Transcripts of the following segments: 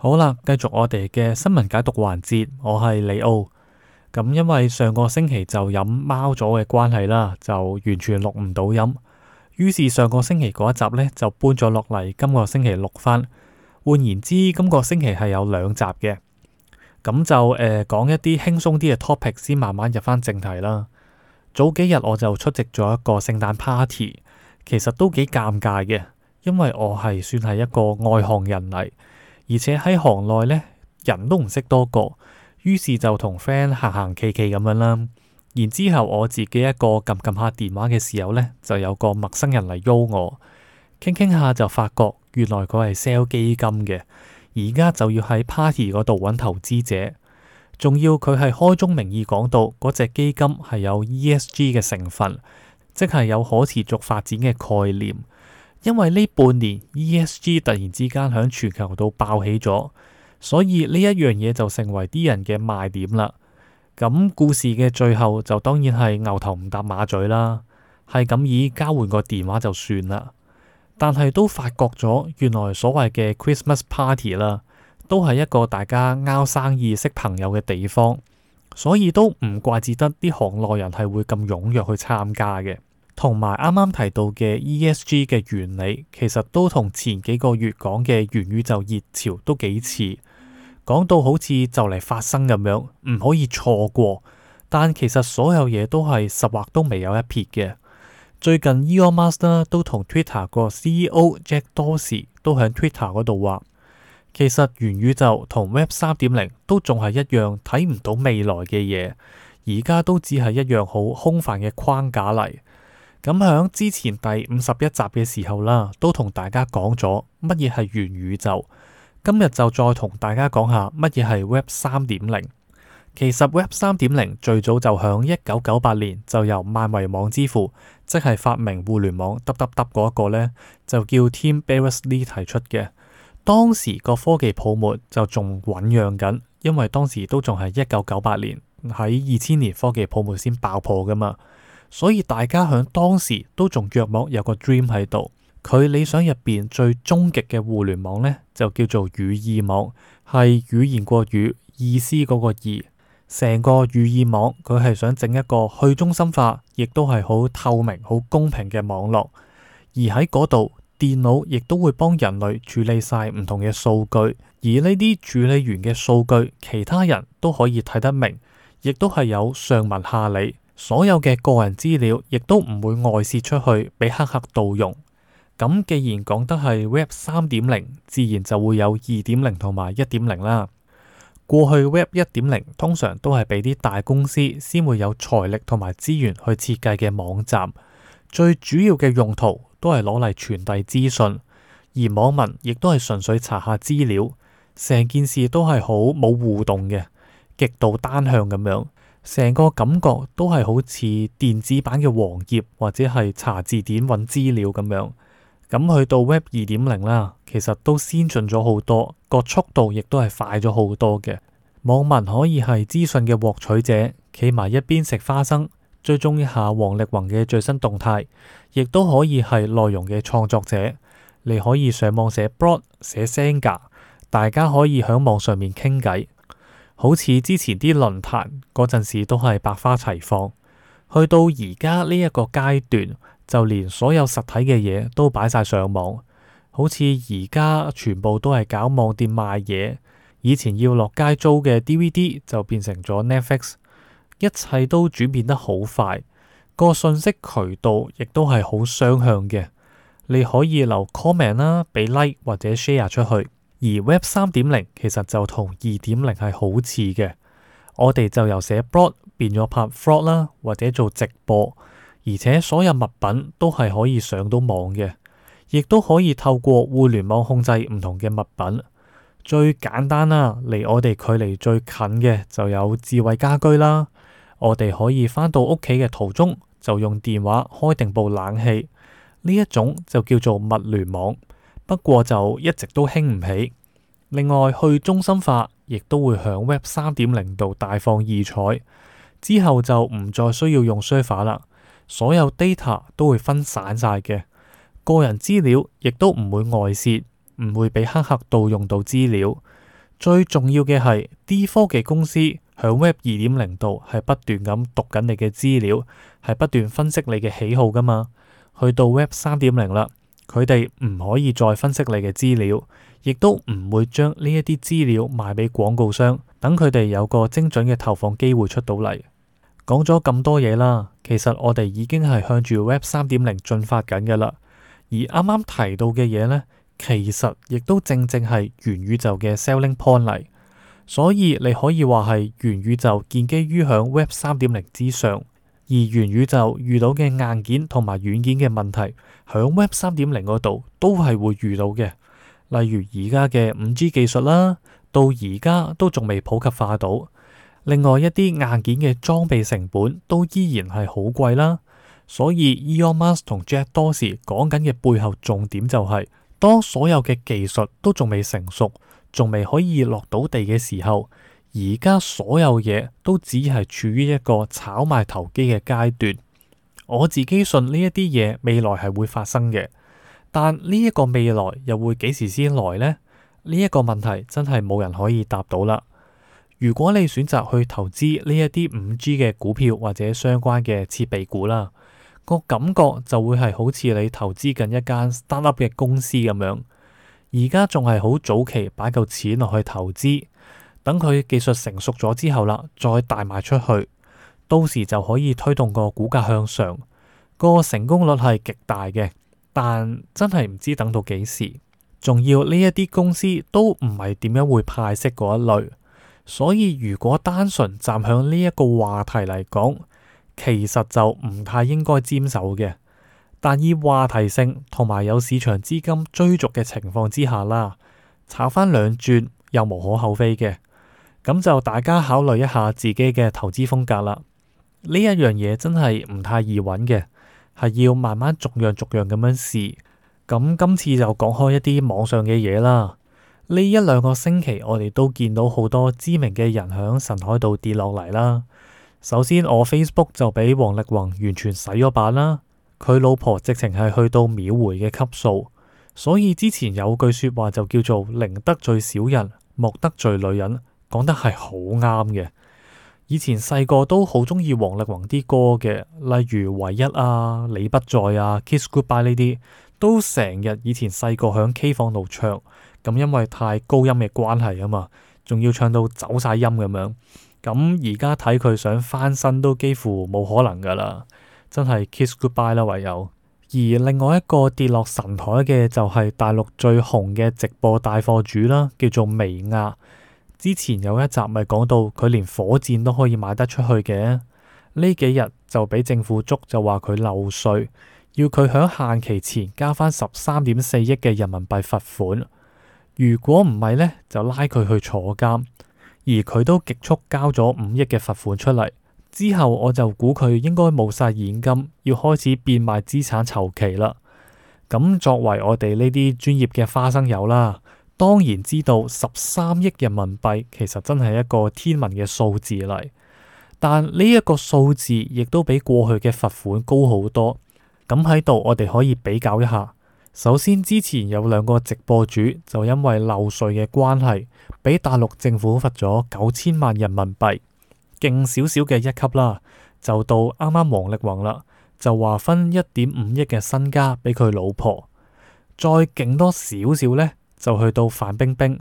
好啦，繼續我哋嘅新聞解讀環節。我係李奧咁、嗯，因為上個星期就飲貓咗嘅關係啦，就完全錄唔到音。於是上個星期嗰一集呢，就搬咗落嚟，今個星期錄翻。換言之，今個星期係有兩集嘅。咁、嗯、就誒、呃、講一啲輕鬆啲嘅 topic，先慢慢入翻正題啦。早幾日我就出席咗一個聖誕 party，其實都幾尷尬嘅，因為我係算係一個外行人嚟。而且喺行內呢，人都唔識多個，於是就同 friend 行行企企咁樣啦。然之後我自己一個撳撳下電話嘅時候呢，就有個陌生人嚟邀我傾傾下，就發覺原來佢係 sell 基金嘅，而家就要喺 party 嗰度揾投資者，仲要佢係開宗明義講到嗰隻基金係有 ESG 嘅成分，即係有可持續發展嘅概念。因為呢半年 ESG 突然之間喺全球度爆起咗，所以呢一樣嘢就成為啲人嘅賣點啦。咁故事嘅最後就當然係牛頭唔搭馬嘴啦，係咁以交換個電話就算啦。但係都發覺咗，原來所謂嘅 Christmas party 啦，都係一個大家拗生意識朋友嘅地方，所以都唔怪至得啲行內人係會咁踊躍去參加嘅。同埋啱啱提到嘅 E S G 嘅原理，其實都同前幾個月講嘅元宇宙熱潮都幾似，講到好似就嚟發生咁樣，唔可以錯過。但其實所有嘢都係十劃都未有一撇嘅。最近 Elon Musk 都同 Twitter 個 C E O Jack Dorsey 都喺 Twitter 嗰度話，其實元宇宙同 Web 三點零都仲係一樣，睇唔到未來嘅嘢，而家都只係一樣好空泛嘅框架嚟。咁喺之前第五十一集嘅時候啦，都同大家講咗乜嘢係元宇宙。今日就再同大家講下乜嘢係 Web 三點零。其實 Web 三點零最早就響一九九八年就由萬維網之父，即係發明互聯網，耷耷耷嗰一個呢，就叫 Tim Berners-Lee 提出嘅。當時個科技泡沫就仲醞釀緊，因為當時都仲係一九九八年，喺二千年科技泡沫先爆破噶嘛。所以大家喺當時都仲約莫，有個 dream 喺度。佢理想入邊最終極嘅互聯網呢，就叫做語義網，係語言過語意思嗰個義。成個語義網，佢係想整一個去中心化，亦都係好透明、好公平嘅網絡。而喺嗰度，電腦亦都會幫人類處理晒唔同嘅數據，而呢啲處理完嘅數據，其他人都可以睇得明，亦都係有上文下理。所有嘅個人資料亦都唔會外泄出去，俾黑客盜用。咁既然講得係 Web 三點零，自然就會有二點零同埋一點零啦。過去 Web 一點零通常都係俾啲大公司先會有財力同埋資源去設計嘅網站，最主要嘅用途都係攞嚟傳遞資訊，而網民亦都係純粹查下資料，成件事都係好冇互動嘅，極度單向咁樣。成個感覺都係好似電子版嘅黃頁或者係查字典揾資料咁樣，咁去到 Web 二點零啦，其實都先進咗好多，個速度亦都係快咗好多嘅。網民可以係資訊嘅獲取者，企埋一邊食花生，追蹤一下王力宏嘅最新動態，亦都可以係內容嘅創作者，你可以上網寫 blog 寫 Senga，大家可以響網上面傾偈。好似之前啲論壇嗰陣時都係百花齊放，去到而家呢一個階段，就連所有實體嘅嘢都擺晒上網，好似而家全部都係搞網店賣嘢。以前要落街租嘅 DVD 就變成咗 Netflix，一切都轉變得好快。個信息渠道亦都係好雙向嘅，你可以留 comment 啦、啊，俾 like 或者 share 出去。而 Web 三點零其實就同二點零係好似嘅，我哋就由寫 blog 變咗拍 vlog 啦，或者做直播，而且所有物品都係可以上到網嘅，亦都可以透過互聯網控制唔同嘅物品。最簡單啦，離我哋距離最近嘅就有智慧家居啦，我哋可以返到屋企嘅途中就用電話開定部冷氣，呢一種就叫做物聯網。不過就一直都興唔起。另外，去中心化亦都會響 Web 三點零度大放異彩。之後就唔再需要用 server 啦，所有 data 都會分散晒嘅，個人資料亦都唔會外泄，唔會俾黑客盜用到資料。最重要嘅係，啲科技公司響 Web 二點零度係不斷咁讀緊你嘅資料，係不斷分析你嘅喜好噶嘛。去到 Web 三點零啦。佢哋唔可以再分析你嘅資料，亦都唔會將呢一啲資料賣俾廣告商，等佢哋有個精準嘅投放機會出到嚟。講咗咁多嘢啦，其實我哋已經係向住 Web 三點零進發緊嘅啦。而啱啱提到嘅嘢呢，其實亦都正正係元宇宙嘅 selling point 嚟，所以你可以話係元宇宙建基於響 Web 三點零之上。而元宇宙遇到嘅硬件同埋軟件嘅問題，喺 Web 三點零度都係會遇到嘅，例如而家嘅 5G 技術啦，到而家都仲未普及化到。另外一啲硬件嘅裝備成本都依然係好貴啦。所以 Elon Musk 同 Jack Dorsey 講緊嘅背後重點就係、是，當所有嘅技術都仲未成熟，仲未可以落到地嘅時候。而家所有嘢都只係處於一個炒賣投機嘅階段，我自己信呢一啲嘢未來係會發生嘅，但呢一個未來又會幾時先來呢？呢一個問題真係冇人可以答到啦。如果你選擇去投資呢一啲五 G 嘅股票或者相關嘅設備股啦，個感覺就會係好似你投資緊一間 startup 嘅公司咁樣，而家仲係好早期擺嚿錢落去投資。等佢技術成熟咗之後啦，再大賣出去，到時就可以推動個股價向上，個成功率係極大嘅。但真係唔知等到幾時，仲要呢一啲公司都唔係點樣會派息嗰一類，所以如果單純站響呢一個話題嚟講，其實就唔太應該沾手嘅。但以話題性同埋有市場資金追逐嘅情況之下啦，炒翻兩轉又無可厚非嘅。咁就大家考慮一下自己嘅投資風格啦。呢一樣嘢真係唔太易揾嘅，係要慢慢逐樣逐樣咁樣試。咁今次就講開一啲網上嘅嘢啦。呢一兩個星期，我哋都見到好多知名嘅人響神台度跌落嚟啦。首先，我 Facebook 就俾王力宏完全洗咗版啦。佢老婆直情係去到秒回嘅級數，所以之前有句說話就叫做寧得罪小人，莫得罪女人。講得係好啱嘅。以前細個都好中意王力宏啲歌嘅，例如《唯一》啊，《你不在》啊，《Kiss Goodbye》呢啲，都成日以前細個響 K 房度唱。咁因為太高音嘅關係啊嘛，仲要唱到走晒音咁樣。咁而家睇佢想翻身都幾乎冇可能噶啦，真係 Kiss Goodbye 啦，唯有。而另外一個跌落神台嘅就係大陸最紅嘅直播大貨主啦，叫做薇婭。之前有一集咪講到佢連火箭都可以賣得出去嘅。呢幾日就俾政府捉，就話佢漏稅，要佢響限期前交翻十三點四億嘅人民幣罰款，如果唔係呢，就拉佢去坐監，而佢都極速交咗五億嘅罰款出嚟，之後我就估佢應該冇晒現金，要開始變賣資產籌期啦。咁作為我哋呢啲專業嘅花生友啦。當然知道十三億人民幣其實真係一個天文嘅數字嚟，但呢一個數字亦都比過去嘅罰款高好多。咁喺度，我哋可以比較一下。首先，之前有兩個直播主就因為漏稅嘅關係，俾大陸政府罰咗九千萬人民幣，勁少少嘅一級啦。就到啱啱王力宏啦，就話分一點五億嘅身家俾佢老婆，再勁多少少呢？就去到范冰冰，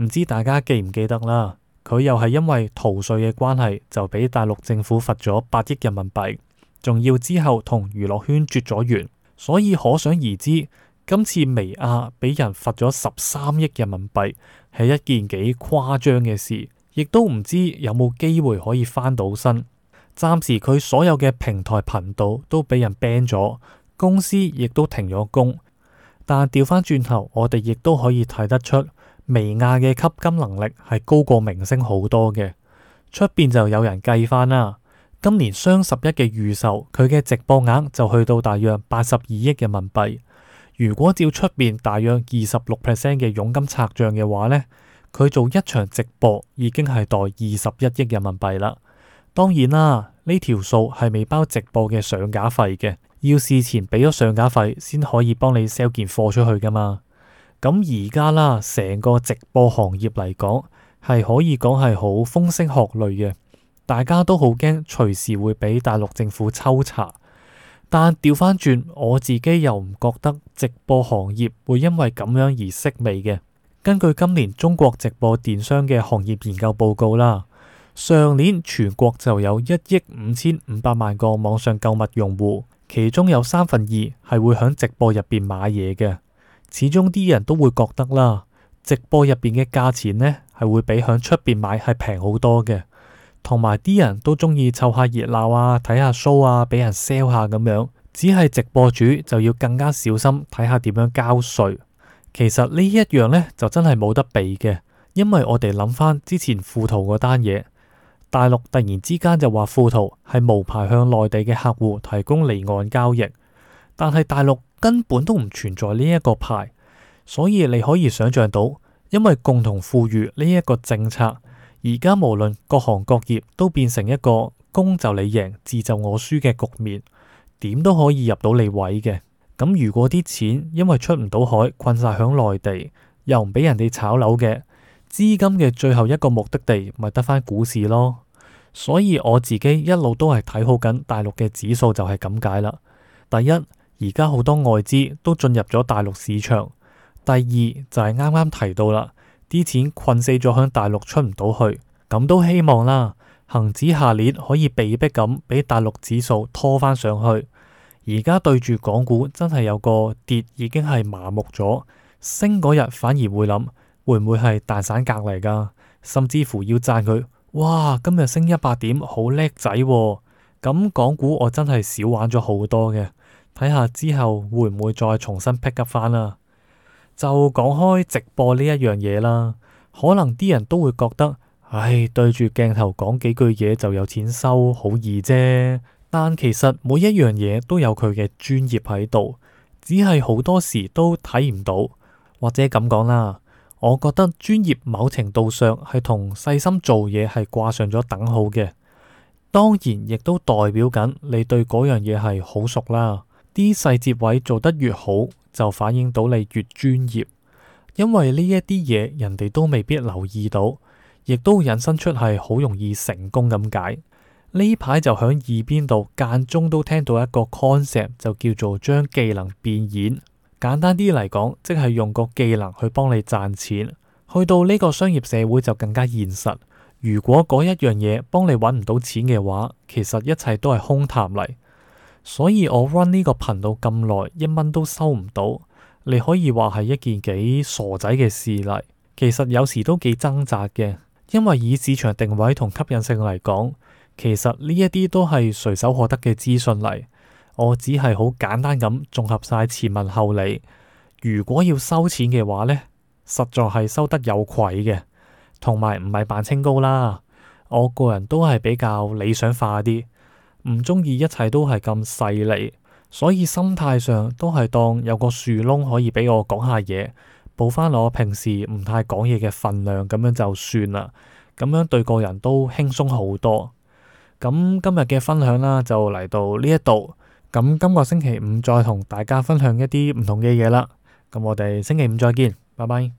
唔知大家記唔記得啦？佢又係因為逃稅嘅關係，就俾大陸政府罰咗八億人民幣，仲要之後同娛樂圈絕咗緣，所以可想而知，今次薇婭俾人罰咗十三億人民幣，係一件幾誇張嘅事，亦都唔知有冇機會可以翻到身。暫時佢所有嘅平台頻道都俾人 ban 咗，公司亦都停咗工。但係調翻轉頭，我哋亦都可以睇得出，微亞嘅吸金能力係高過明星好多嘅。出邊就有人計翻啦，今年雙十一嘅預售，佢嘅直播額就去到大約八十二億人民幣。如果照出邊大約二十六 percent 嘅佣金拆賬嘅話呢，佢做一場直播已經係袋二十一億人民幣啦。當然啦，呢條數係未包直播嘅上架費嘅。要事前俾咗上架費，先可以幫你 sell 件貨出去噶嘛？咁而家啦，成個直播行業嚟講，係可以講係好風聲鶴唳嘅，大家都好驚，隨時會俾大陸政府抽查。但調翻轉，我自己又唔覺得直播行業會因為咁樣而息微嘅。根據今年中國直播電商嘅行業研究報告啦，上年全國就有一億五千五百萬個網上購物用戶。其中有三分二係會響直播入邊買嘢嘅，始終啲人都會覺得啦，直播入邊嘅價錢呢係會比響出邊買係平好多嘅，同埋啲人都中意湊下熱鬧啊，睇下 show 啊，俾人 sell 下咁樣，只係直播主就要更加小心睇下點樣交稅。其實呢一樣呢就真係冇得避嘅，因為我哋諗翻之前富途個單嘢。大陸突然之間就話富途係無牌向內地嘅客戶提供離岸交易，但係大陸根本都唔存在呢一個牌，所以你可以想象到，因為共同富裕呢一個政策，而家無論各行各業都變成一個攻就你贏，自就我輸嘅局面，點都可以入到你位嘅。咁如果啲錢因為出唔到海，困晒響內地，又唔俾人哋炒樓嘅。資金嘅最後一個目的地咪得返股市咯，所以我自己一路都係睇好緊大陸嘅指數就係咁解啦。第一，而家好多外資都進入咗大陸市場；第二就係啱啱提到啦，啲錢困死咗響大陸出唔到去，咁都希望啦，恒指下年可以被迫咁俾大陸指數拖翻上去。而家對住港股真係有個跌已經係麻木咗，升嗰日反而會諗。會唔會係蛋散隔嚟噶？甚至乎要讚佢哇，今日升一百點，好叻仔咁。港股我真係少玩咗好多嘅，睇下之後會唔會再重新 pick up 翻啦？ 就講開直播呢一樣嘢啦，可能啲人都會覺得唉，對住鏡頭講幾句嘢就有錢收，好易啫。但其實每一樣嘢都有佢嘅專業喺度，只係好多時都睇唔到，或者咁講啦。我覺得專業某程度上係同細心做嘢係掛上咗等號嘅，當然亦都代表緊你對嗰樣嘢係好熟啦。啲細節位做得越好，就反映到你越專業，因為呢一啲嘢人哋都未必留意到，亦都引申出係好容易成功咁解。呢排就響耳邊度間中都聽到一個 concept 就叫做將技能變演。簡單啲嚟講，即係用個技能去幫你賺錢。去到呢個商業社會就更加現實。如果嗰一樣嘢幫你揾唔到錢嘅話，其實一切都係空談嚟。所以我 run 呢個頻道咁耐，一蚊都收唔到。你可以話係一件幾傻仔嘅事嚟。其實有時都幾掙扎嘅，因為以市場定位同吸引性嚟講，其實呢一啲都係隨手可得嘅資訊嚟。我只係好簡單咁綜合晒前文後理，如果要收錢嘅話呢，實在係收得有愧嘅，同埋唔係扮清高啦。我個人都係比較理想化啲，唔中意一切都係咁細膩，所以心態上都係當有個樹窿可以俾我講下嘢，補翻我平時唔太講嘢嘅份量咁樣就算啦。咁樣對個人都輕鬆好多。咁今日嘅分享啦，就嚟到呢一度。咁今個星期五再同大家分享一啲唔同嘅嘢啦，咁我哋星期五再見，拜拜。